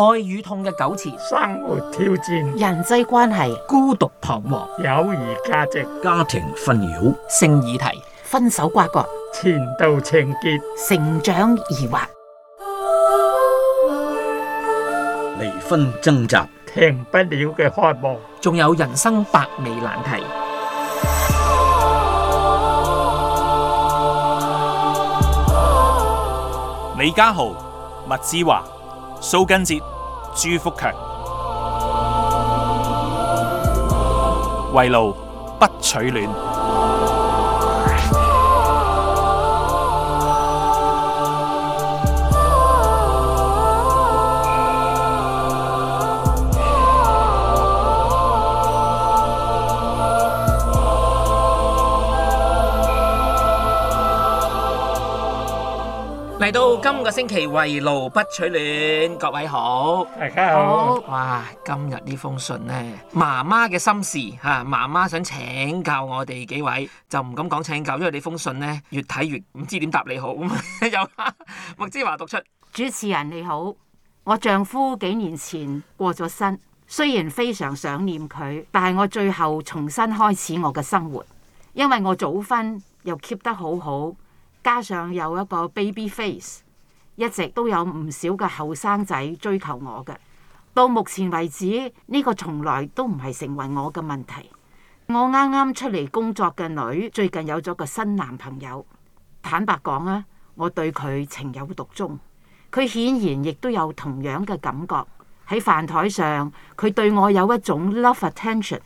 愛與痛嘅糾纏，生活挑戰，人際關係，孤獨彷徨，友誼價值，家庭紛擾，性議題，分手瓜葛，前度情結，成長疑惑，離婚掙扎，停不了嘅渴望，仲有人生百味難題。李家豪，麥之華。蘇根哲、朱福強，圍爐不取暖。今個星期圍爐不取暖，各位好，大家好。哇！今日呢封信呢，媽媽嘅心事嚇，媽媽想請教我哋幾位，就唔敢講請教，因為呢封信呢，越睇越唔知點答你好。有 麥 之華讀出：主持人你好，我丈夫幾年前過咗身，雖然非常想念佢，但係我最後重新開始我嘅生活，因為我早婚又 keep 得好好，加上有一個 baby face。一直都有唔少嘅後生仔追求我嘅，到目前為止呢個從來都唔係成為我嘅問題。我啱啱出嚟工作嘅女最近有咗個新男朋友，坦白講啊，我對佢情有獨鍾，佢顯然亦都有同樣嘅感覺。喺飯台上，佢對我有一種 love attention，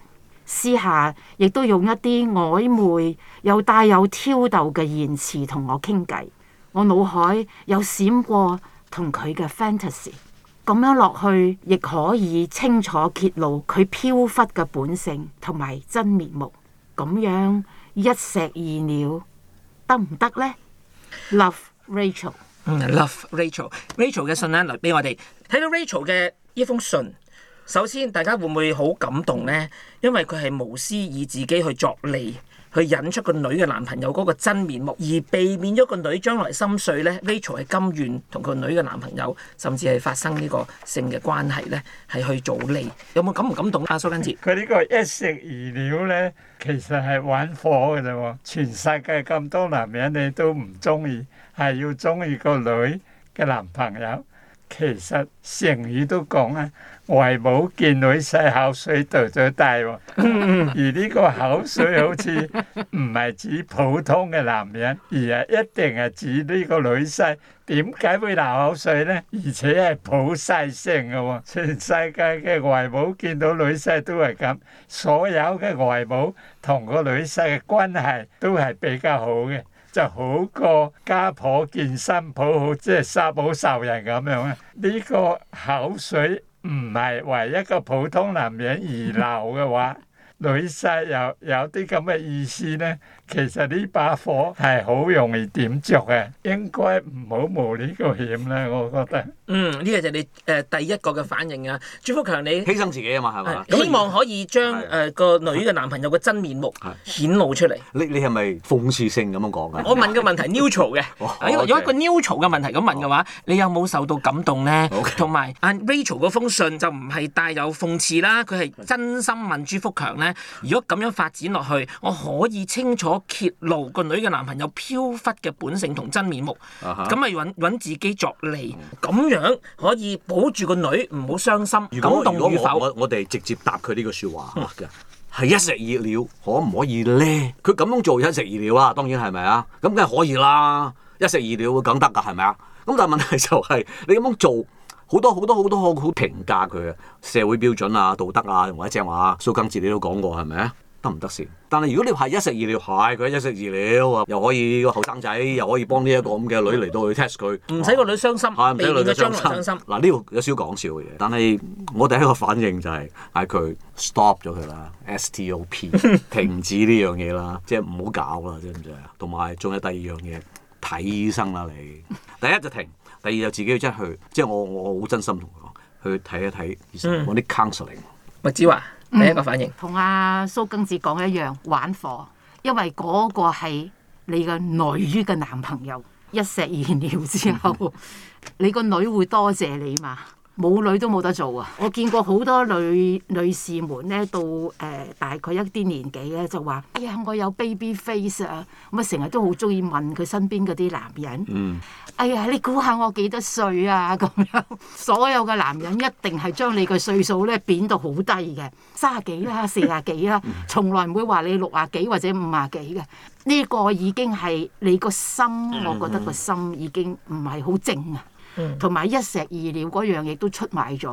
私下亦都用一啲曖昧又帶有挑逗嘅言詞同我傾偈。我腦海有閃過同佢嘅 fantasy，咁樣落去亦可以清楚揭露佢飄忽嘅本性同埋真面目，咁樣一石二鳥得唔得呢？Love Rachel，Love Rachel，Rachel 嘅信呢？來俾我哋睇到 Rachel 嘅呢封信，首先大家會唔會好感動呢？因為佢係無私以自己去作利。佢引出個女嘅男朋友嗰個真面目，而避免咗個女將來心碎呢 Rachel 係甘願同個女嘅男朋友，甚至係發生呢個性嘅關係呢，係去做利。有冇感唔感動啊？蘇根治，佢呢 個一石二鳥呢，其實係玩火㗎啫喎！全世界咁多男人，你都唔中意，係要中意個女嘅男朋友。其實成語都講啊，外母見女婿口水流咗大喎、哦。 而呢個口水好似唔係指普通嘅男人，而係一定係指呢個女婿。點解會流口水呢？而且係普世性嘅喎、哦。全世界嘅外母見到女婿都係咁，所有嘅外母同個女婿嘅關係都係比較好嘅。就好過家婆見新抱，好，即係殺父仇人咁樣啊！呢、這個口水唔係為一個普通男人而流嘅話， 女婿又有啲咁嘅意思咧。其實呢把火係好容易點着嘅，應該唔好冒呢個險啦，我覺得。嗯，呢個就係你誒第一個嘅反應啊，朱福強你犧牲自己啊嘛，係嘛？希望可以將誒個女嘅男朋友嘅真面目顯露出嚟。你你係咪諷刺性咁樣講噶？我問個問題 neutral 嘅，有一個 neutral 嘅問題咁問嘅話，你有冇受到感動咧？同埋阿 Rachel 嗰封信就唔係帶有諷刺啦，佢係真心問朱福強咧。如果咁樣發展落去，我可以清楚。我揭露個女嘅男朋友飄忽嘅本性同真面目，咁咪搵搵自己作嚟，咁、huh. 樣可以保住個女唔好傷心，果感動與否，我哋直接答佢呢個說話噶，係 一石二鳥，可唔可以咧？佢咁樣做一石二鳥啊？當然係咪啊？咁梗係可以啦，一石二鳥梗得噶係咪啊？咁但係問題就係、是、你咁樣做，好多好多好多好評價佢嘅社會標準啊、道德啊，或者正話蘇更治你都講過係咪啊？得唔得先？但係如果你係一石二鳥，佢一石二鳥，啊，又可以、個後生仔，又可以幫呢一個咁嘅女嚟到去 test 佢，唔使個女，個女傷心，唔使個女傷心。嗱呢、啊呢個有少少講笑嘅嘢，但係我第一個反應就係嗌佢 stop 咗佢啦，stop 停止呢樣嘢啦， 即係唔好搞啦，知唔知啊？同埋仲有第二樣嘢，睇醫生啦你。第一就停，第二就自己要出去，即係我我好真心同佢講，去睇一睇醫生，揾啲 counseling。麥子華。第一個反應同阿蘇庚子講，一樣，玩火，因為嗰個係你個女嘅男朋友，一石二鳥之後， 你個女會多謝你嘛。冇女都冇得做啊！我見過好多女女士們咧，到誒、呃、大概一啲年紀咧，就話：哎呀，我有 baby face 啊！咁、嗯、啊，成日都好中意問佢身邊嗰啲男人。哎呀，你估下我幾多歲啊？咁樣，所有嘅男人一定係將你嘅歲數咧，貶到好低嘅，三啊幾啦，四啊幾啦，從 來唔會話你六啊幾或者五啊幾嘅。呢、這個已經係你個心，我覺得個心已經唔係好正啊。同埋、嗯、一石二鳥嗰樣嘢都出賣咗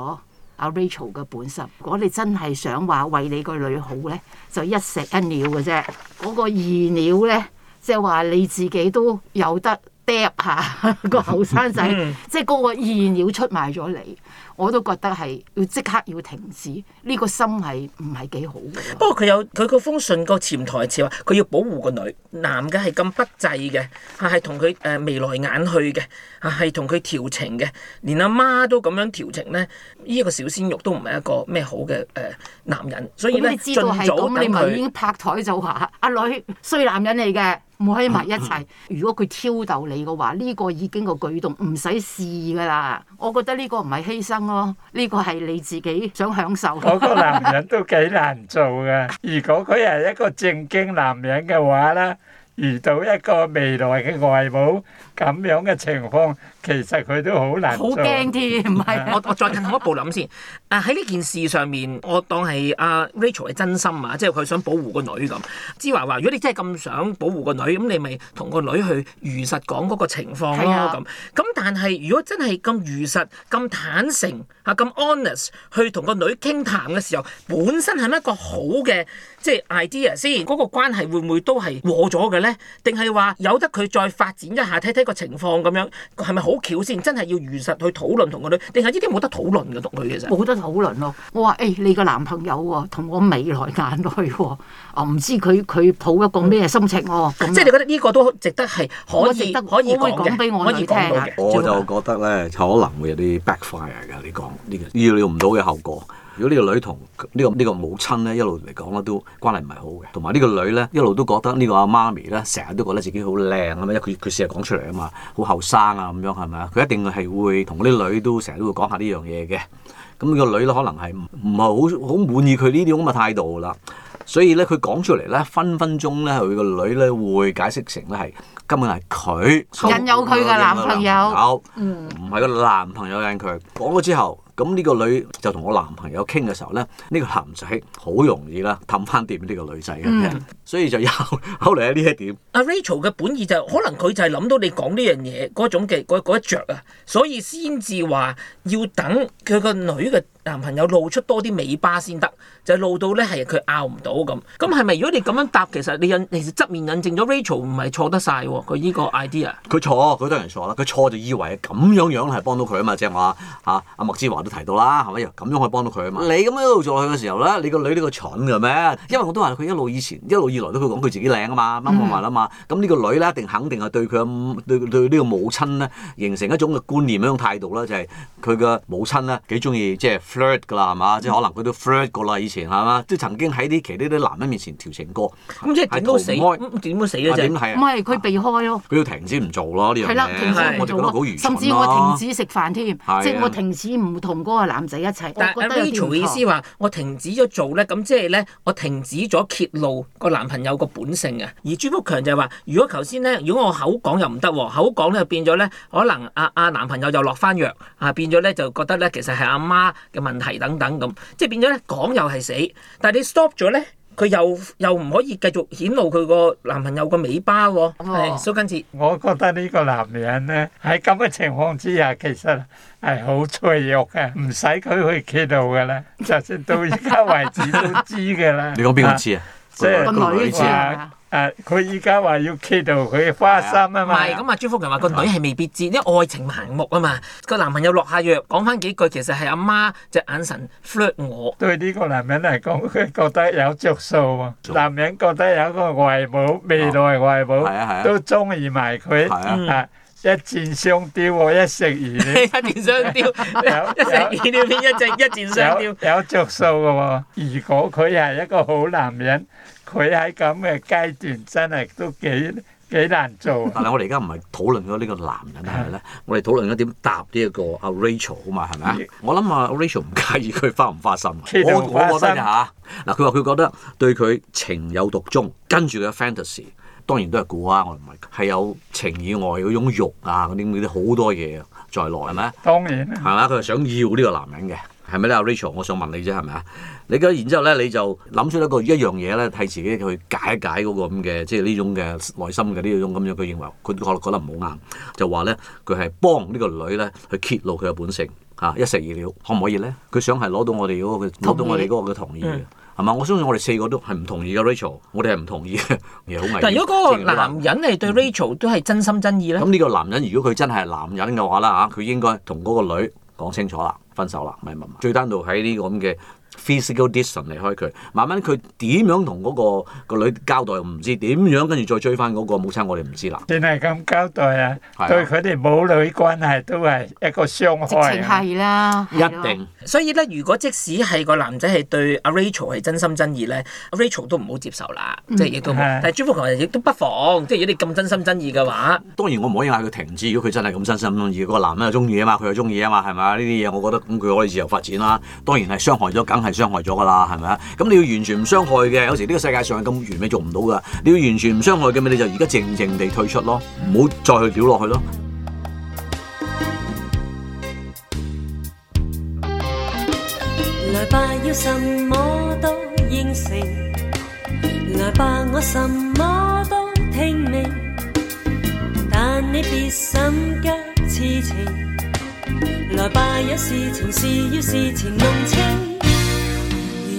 阿 Rachel 嘅本身。如果你真係想話為你個女好咧，就一石一鳥嘅啫。嗰個二鳥咧，即係話你自己都有得 drop 下個後生仔，即係嗰個二鳥出賣咗你。我都覺得係要即刻要停止呢個心係唔係幾好嘅？不過佢有佢個封信個潛台詞話，佢要保護個女男嘅係咁不濟嘅，係同佢誒眉來眼去嘅，係同佢調情嘅，連阿媽都咁樣調情咧，呢個小鮮肉都唔係一個咩好嘅誒男人，所以咧知道係噉，你咪已經拍台就話阿女，衰男人嚟嘅，唔可以埋一齊。嗯嗯、如果佢挑逗你嘅話，呢個已經個舉動唔使試㗎啦。我覺得呢個唔係犧牲。呢、哦，這個係你自己想享受。嗰個男人都幾難做嘅。 如果佢係一個正經男人嘅話咧，遇到一個未來嘅外母。咁樣嘅情況，其實佢都好難好驚添，唔係，我我再進一步諗先。啊喺呢件事上面，我當係阿 Rachel 係真心啊，即係佢想保護個女咁。之華話如果你真係咁想保護個女，咁你咪同個女去如實講個情況咯。咁咁、啊，但係如果真係咁如實咁坦誠啊咁 honest 去同個女傾談嘅時候，本身係咪一個好嘅即係 idea 先？就是、idea, 個關係會唔會都係和咗嘅咧？定係話有得佢再發展一下，睇睇情況咁樣，係咪好巧先？真係要如實去討論同個女，定係呢啲冇得討論嘅？同佢其實冇得討論咯。我話誒、欸，你個男朋友同、啊、我未來眼淚喎、啊，啊唔知佢佢抱一個咩心情哦、啊。嗯、樣即係你覺得呢個都值得係可以我得可以講嘅。可以我可以我就覺得咧，可能會有啲 backfire 嘅。你講呢、這個意料唔到嘅後果。如果呢個女同呢個呢個母親咧一路嚟講咧都關係唔係好嘅，同埋呢個女咧一路都覺得呢個阿媽咪咧成日都覺得自己好靚啊嘛，因為佢佢成日講出嚟啊嘛，好後生啊咁樣係咪啊？佢一定係會同嗰啲女都成日都會講下呢樣嘢嘅。咁呢個女咧可能係唔唔係好好滿意佢呢啲咁嘅態度啦。所以咧佢講出嚟咧分分鐘咧佢個女咧會解釋成咧係根本係佢引誘佢嘅男朋友，唔係個男朋友引佢。講咗之後。咁呢個女就同我男朋友傾嘅時候呢，呢、呢個男仔好容易啦，氹翻掂呢個女仔嘅，嗯、所以就有後嚟喺呢一點。阿 Rachel 嘅本意就是、可能佢就係諗到你講呢樣嘢嗰種嘅嗰一着啊，所以先至話要等佢個女嘅。男朋友露出多啲尾巴先得，就係露到咧係佢拗唔到咁。咁係咪如果你咁樣答，其實你引其實側面引證咗 Rachel 唔係錯得晒喎，佢呢個 idea。佢錯，佢當然錯啦。佢錯就以為咁樣樣係幫到佢啊嘛，即係話啊。阿麥之華都提到啦，係咪？咁樣可以幫到佢啊嘛。你咁樣一路做落去嘅時候咧，你個女呢個蠢嘅咩？因為我都話佢一路以前一路以來都佢講佢自己靚啊嘛，乜乜話啦嘛。咁呢個女咧一定肯定係對佢咁對對呢個母親咧形成一種嘅觀念一種態度啦，就係佢嘅母親咧幾中意即係。flirt 噶啦，係嘛？即係可能佢都 flirt 過啦，以前係嘛？即係曾經喺啲其呢啲男人面前調情過。咁即係點都死，點會死啊？就唔係佢避開咯。佢要停止唔做咯，呢樣嘢。係啦，停止唔做咯。甚至我停止食飯添，即係、啊、我停止唔同嗰個男仔一齊。的但係有啲意思話，我停止咗做咧，咁即係咧，我停止咗揭露個男朋友個本性啊。而朱福強就係話：如果頭先咧，如果我口講又唔得，口講咧變咗咧，可能阿阿男朋友又落翻藥啊，變咗咧就覺得咧，其實係阿媽。問題等等咁，即係變咗咧講又係死，但係你 stop 咗咧，佢又又唔可以繼續顯露佢個男朋友個尾巴喎。哦哎、蘇根志，我覺得呢個男人咧喺咁嘅情況之下，其實係好脆弱嘅，唔使佢去企露㗎啦。 就算到而家為止都知㗎啦。你講邊個知啊？即係個女知啊。誒，佢依家話要揭到佢嘅花心啊嘛，係咁啊。朱福強話個女係未必知，因為愛情盲目啊嘛。個男朋友落下藥，講翻幾句其實係阿媽隻眼神 flirt 我。對呢個男人嚟講，佢覺得有着數啊。男人覺得有一個外母，未來、外母、嗯，都中意埋佢啊。嗯嗯。一箭雙雕喎，一石二 一箭雙雕，一石二鳥，一隻一箭雙雕。有着數嘅喎，如果佢係一個好男人，佢喺咁嘅階段真係都幾幾難做。但係我哋而家唔係討論咗呢個男人係咪咧？是是呢是我哋討論咗點答呢一個阿 Rachel 啊嘛，係咪心啊？我諗啊，Rachel 唔介意佢花唔花心。我我覺得啊，嗱，佢話佢覺得對佢情有獨鍾，跟住佢嘅 fantasy。.當然都係估啊！我唔係係有情以外嗰種慾啊，嗰啲啲好多嘢在內，係咪？當然、啊。係嘛？佢係想要呢個男人嘅，係咪咧、啊？Rachel，我想問你啫，係咪啊？你然之後咧，你就諗出一個一樣嘢咧，替自己去解，解一解嗰、那個咁嘅，即係呢種嘅內心嘅呢種咁樣。佢認為佢覺覺得唔好啱，就話咧佢係幫呢幫個女咧去揭露佢嘅本性嚇、啊，一石二鳥，可唔可以咧？佢想係攞到我哋嗰攞到我哋嗰個嘅同意。同意。係嘛？我相信我哋四個都係唔同意嘅，Rachel。我哋係唔同意嘅，嘢 好危險。但係如果嗰個男人係對 Rachel、嗯、都係真心真意咧，咁呢、嗯、個男人如果佢真係男人嘅話啦嚇，佢應該同嗰個女講清楚啦，分手啦，咪咪咪。最單獨喺呢個咁嘅。physical distance 離開佢，慢慢佢點樣同嗰個女交代唔知點樣，跟住再追翻嗰個母親，我哋唔知啦。算係咁交代啊，吧對佢哋母女關係都係一個傷害啊。係啦，一定。所以咧，如果即使係個男仔係對 Rachel 係真心真意咧，Rachel、嗯啊、都唔好接受啦，嗯、即係亦都。的但係朱福強亦都不妨，即係如果你咁真心真意嘅話，當然我唔可以嗌佢停止。如果佢真係咁真心咁意，嗰個男人又中意啊嘛，佢又中意啊嘛，係咪？呢啲嘢我覺得咁佢可以自由發展啦。當然係傷害咗，梗係。傷害咗噶啦，係咪啊？咁你要完全唔傷害嘅，有時呢個世界上係咁完美做唔到噶。你要完全唔傷害嘅，咪你就而家靜靜地退出咯，唔好再去屌落去咯。來吧，要什麼都應承，來吧，我什麼都聽命，但你別心急癡情。來吧，有事情是要事情弄清。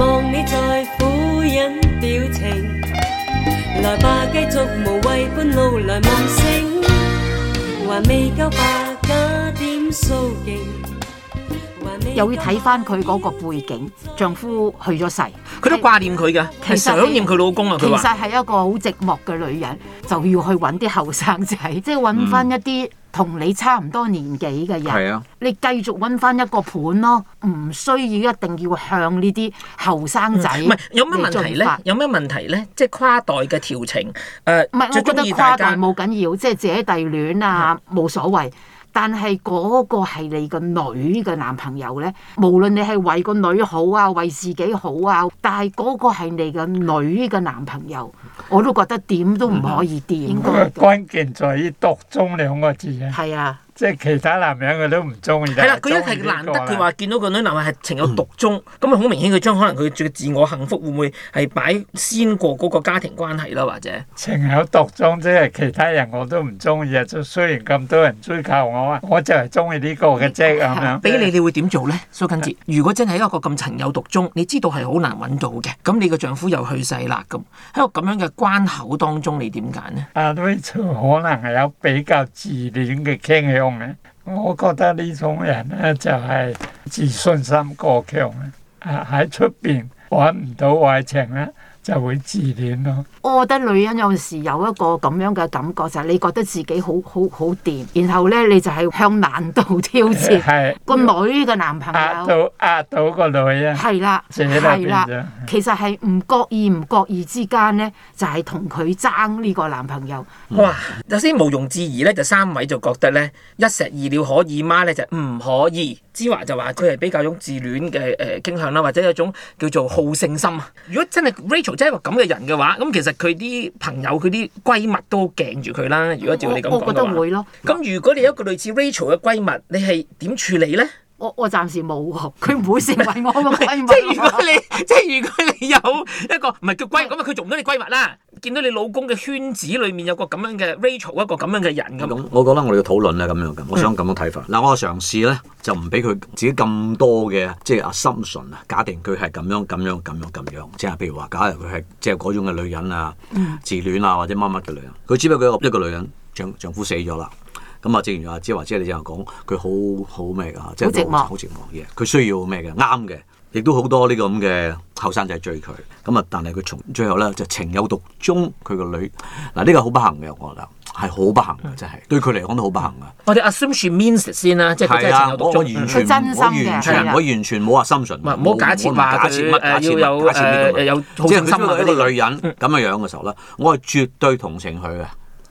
望你再苦忍表情。來吧，路來望星，還未夠又會睇翻佢嗰個背景，丈夫去咗世，佢都掛念佢嘅，係是想念佢老公啊！佢話其實係說一個好寂寞嘅女人，就要去揾啲後生仔，即係揾翻一啲。嗯同你差唔多年紀嘅人，啊、你繼續揾翻一個盤咯，唔需要一定要向呢啲後生仔。唔係、嗯嗯嗯、有咩問題咧？有咩問題咧？即係跨代嘅調情，誒、呃，唔係、嗯嗯、我覺得跨代冇緊要，即係姐弟戀啊，冇所謂。嗯但係嗰個係你個女嘅男朋友咧，無論你係為個女好啊，為自己好啊，但係嗰個係你嘅女嘅男朋友，我都覺得點都唔可以掂。嗯、應該，關鍵在於獨中兩個字啊。係啊。即係其他男人佢都唔中意。係啦的，佢一係難得佢話見到個女男人係情有獨鍾，咁啊好明顯佢將可能佢嘅自我幸福會唔會係擺先過嗰個家庭關係咯，或者情有獨鍾即係其他人我都唔中意啊！雖然咁多人追求我，我就係中意呢個嘅啫，咁俾你，你會點做咧？蘇根哲， 如果真係一個咁情有獨鍾，你知道係好難揾到嘅，咁你個丈夫又去世啦，咁喺個咁樣嘅關口當中，你點揀呢？啊，都可能係有比較自戀嘅傾向。我覺得呢種人咧、啊、就係、是、自信心過強啊！喺出邊揾唔到愛情啦、啊。就會自戀咯。我覺得女人有陣時有一個咁樣嘅感覺就係你覺得自己好好好掂，然後咧你就係向難度挑戰。係 是個女嘅男朋友壓、嗯、到壓到個女啊。係啦，係啦，是其實係唔覺意唔覺意之間咧就係同佢爭呢個男朋友。嗯、哇！首先毋庸置疑咧，就三位就覺得咧一石二鳥可以，媽咧就唔可以。之華就話佢係比較種自戀嘅誒傾向啦，或者有種叫做好勝心啊。如果真係 Rachel 真係一個咁嘅人嘅話，咁其實佢啲朋友佢啲閨蜜都驚住佢啦。如果照你咁講嘅話，咁如果你有一個類似 Rachel 嘅閨蜜，你係點處理咧？我暫我暫時冇佢唔會成為我閨蜜。即係如果你，即係如果你有一個唔係叫閨蜜咁啊，佢做唔到你閨蜜啦。見到你老公嘅圈子裏面有個咁樣嘅 Rachel，一個咁樣嘅人咁。嗯、樣我覺得我哋要討論係咁樣嘅、嗯，我想咁樣睇法。嗱，我嘅嘗試咧就唔俾佢自己咁多嘅，即係啊 assumption 啊，假定佢係咁樣咁樣咁樣咁樣，樣樣樣樣樣即係譬如話，假如佢係即係嗰種嘅女人啊，嗯、自戀啊或者乜乜嘅女人，佢只不過一個一個女人，丈丈夫死咗啦。咁啊，正如阿芝話齋你就講，佢好好咩噶，即係好寂寞，好寂寞嘅。佢需要咩嘅？啱嘅，亦都好多呢個咁嘅後生仔追佢。咁啊，但係佢從最後咧就情有獨鍾佢個女。嗱，呢個好不幸嘅，我覺得係好不幸嘅，真係對佢嚟講都好不幸嘅。我哋 assume means 先啦，即係我完全情有獨鍾真心嘅。係，我完全冇話 assume 唔好，唔好假設假誒要有誒誒有，即係佢一個女人咁嘅樣嘅時候咧，我係絕對同情佢嘅。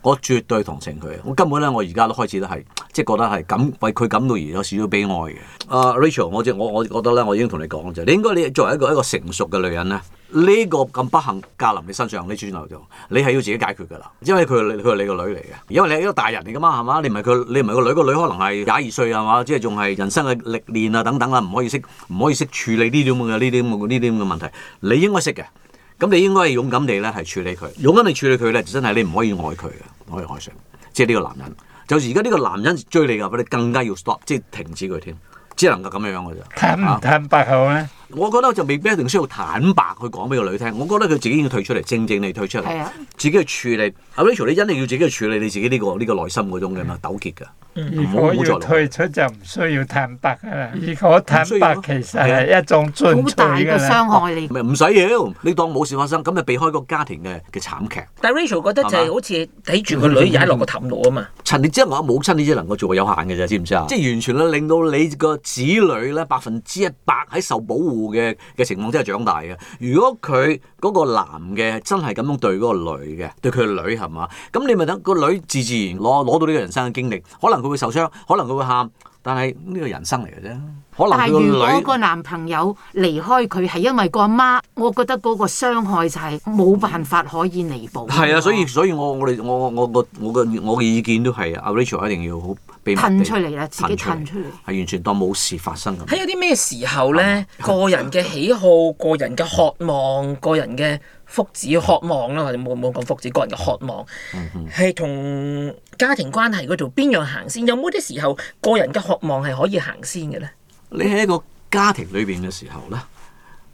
我絕對同情佢，我根本咧，我而家都開始都係即係覺得係感為佢感到而有少少悲哀嘅。阿、uh, Rachel，我即我我覺得咧，我已經同你講就你應該你作為一個一個成熟嘅女人咧，呢、這個咁不幸降臨你身上呢段路就，你係要自己解決噶啦。因為佢佢係你個女嚟嘅，因為你係一個大人嚟噶嘛，係嘛？你唔係佢，你唔係個女，個女可能係廿二歲係嘛？即係仲係人生嘅歷練啊，等等啊，唔可以識唔可以識處理呢啲咁嘅呢啲咁呢啲咁嘅問題，你應該識嘅。咁你應該係勇敢地咧，係處理佢。勇敢地處理佢咧，就真係你唔可以愛佢嘅，唔可以愛上。即係呢個男人，就而家呢個男人追你嘅話，你更加要 stop，即係停止佢添，只能夠咁樣樣嘅啫。坦唔坦白好咧？啊我覺得就未必一定需要坦白去講俾個女聽。我覺得佢自己要退出嚟，正正地退出嚟，啊、自己去處理。Rachel，你一定要自己去處理你自己呢、呢個呢、呢個內心嗰種嘅嘛，嗯、糾結嘅，唔好如果退出就唔需要坦白啦。如果坦白其實係、啊、一種最大嘅傷害。唔唔使要，你當冇事發生，咁咪避開個家庭嘅嘅慘劇。但 Rachel 覺得就係好似睇住個女喺落、嗯、個氹度啊嘛。陳年之後，你知我母親你啲能夠做有限嘅啫，知唔知啊？即係完全令到你個子女咧百分之一百喺受保護。嘅嘅情況真係長大嘅，如果佢嗰個男嘅真係咁樣對嗰個女嘅，對佢個女係嘛？咁你咪等個女自自然攞攞到呢個人生嘅經歷，可能佢會受傷，可能佢會喊，但係呢個人生嚟嘅啫。但係如果個男朋友離開佢係因為個阿媽，我覺得嗰個傷害就係冇辦法可以彌補。係啊，所以所以我我哋我我我個我個我嘅意見都係，阿 Rachel 一定要好俾騰出嚟啦，自己騰出嚟。係完全當冇事發生咁。喺有啲咩時候咧？個人嘅喜好、個人嘅渴望、個人嘅福祉渴望啦，或者冇冇講福祉，個人嘅渴望係同、嗯、哼家庭關係嗰度邊樣先行先？有冇啲時候個人嘅渴望係可以先行先嘅咧？你喺一個家庭裏邊嘅時候咧，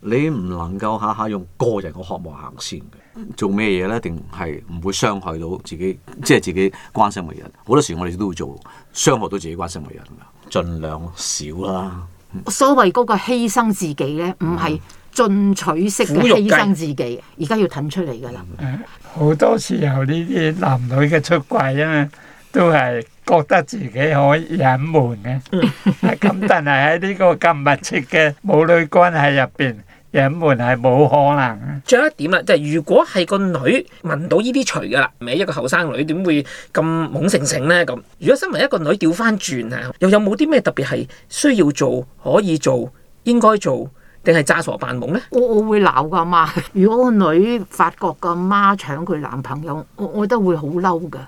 你唔能夠下下用個人嘅渴望行先嘅，做咩嘢咧？定係唔會傷害到自己，即係自己關心嘅人。好多時我哋都會做傷害到自己關心嘅人噶，盡量少啦。嗯、所謂嗰個犧牲自己咧，唔係進取式嘅犧牲自己，而家、嗯、要褪出嚟噶啦。好多時候呢啲男女嘅出軌啫都係。覺得自己可以隱瞞嘅，咁但係喺呢個咁密切嘅母女關係入邊，隱瞞係冇可能。仲有一點啦，即係如果係個女聞到呢啲除噶啦，咪一個後生女點會咁懵成成咧咁？如果身為一個女調翻轉啊，又有冇啲咩特別係需要做、可以做、應該做，定係詐傻扮懵咧？我我會鬧個媽。如果個女發覺個媽搶佢男朋友，我我覺得會好嬲噶。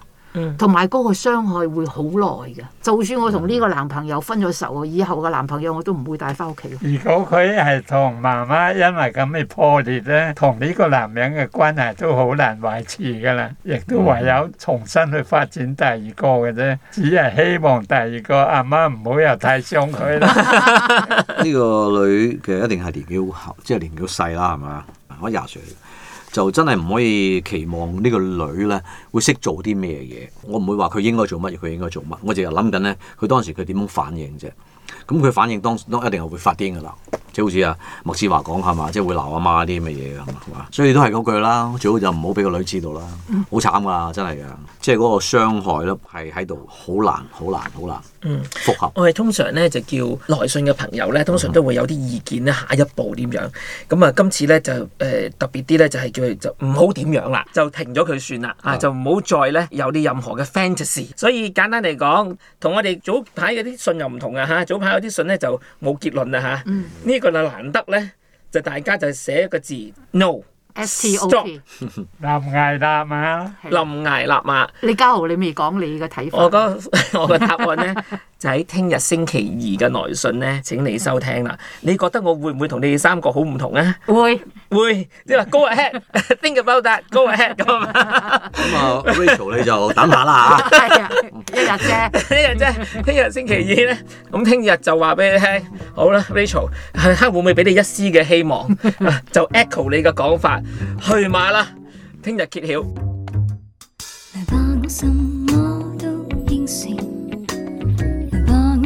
同埋嗰個傷害會好耐㗎，就算我同呢個男朋友分咗手、嗯、以後嘅男朋友我都唔會帶翻屋企。如果佢係同媽媽因為咁嘅破裂咧，同呢個男人嘅關係都好難維持噶啦，亦都唯有重新去發展第二個嘅啫。只係希望第二個阿媽唔好又太傷佢啦。呢 個女其實一定係年紀好，即、就、係、是、年紀細啦，係嘛？我廿歲。就真係唔可以期望呢個女咧會識做啲咩嘢，我唔會話佢應該做乜嘢，佢應該做乜，我淨係諗緊咧，佢當時佢點樣反應啫？咁佢反應當當一定係會發癲噶啦。即好似啊麥志華講係嘛，即係會鬧阿媽啲咁嘅嘢嘅係嘛，所以都係嗰句啦，最好就唔好俾個女知道啦，好、嗯、慘啊，真係嘅，即係嗰個傷害咧係喺度，好難，好難，好難復，嗯，合，我哋通常咧就叫來信嘅朋友咧，通常都會有啲意見咧，下一步點樣？咁啊，今次咧就誒、呃、特別啲咧，就係叫佢就唔好點樣啦，就停咗佢算啦，嗯、啊就唔好再咧有啲任何嘅 fantasy。所以簡單嚟講，同我哋早排嗰啲信又唔同啊。嚇，早排嗰啲信咧就冇結論啊嚇，呢、嗯咁啊，難得咧，就大家就寫一個字，No Stop，立崖立嘛，立崖立嘛。李嘉 豪，你未講你嘅睇法？我個我個答案咧。 就喺聽日星期二嘅來信咧，請你收聽啦。你覺得我會唔會同你哋三個好唔同咧？會會，即係話 go ahead，think about that，go ahead 咁啊。咁啊，Rachel 你就等下啦吓，係啊，一日啫，一日啫，聽日星期二咧。咁聽日就話俾你聽，好啦，Rachel，會唔會俾你一絲嘅希望？就 echo 你嘅講法，去馬啦，聽日揭曉。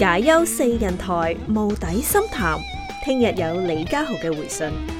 解憂四人台，霧底深談。聽日有李家豪嘅回信。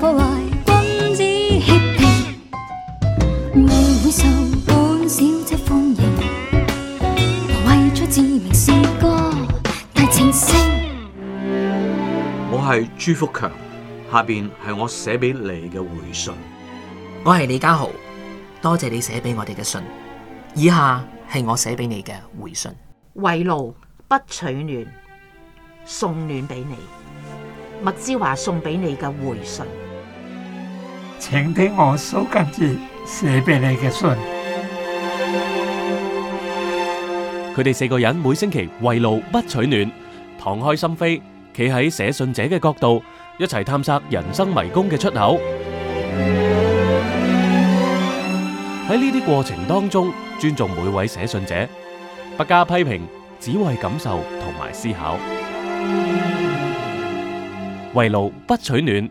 破君子協定，我會受本小姐歡迎。為出知名是個大情聖。我係朱福強，下邊係我寫俾你嘅回信。我係李家豪，多謝你寫俾我哋嘅信。以下係我寫俾你嘅回信。信回信圍爐不取暖，送暖俾你。麥之華送俾你嘅回信。請聽我蘇根治寫俾你嘅信。佢哋四個人每星期圍爐不取暖，敞開心扉，企喺寫信者嘅角度，一齊探索人生迷宮嘅出口。喺呢啲過程當中，尊重每位寫信者，不加批評，只為感受同埋思考。圍爐不取暖。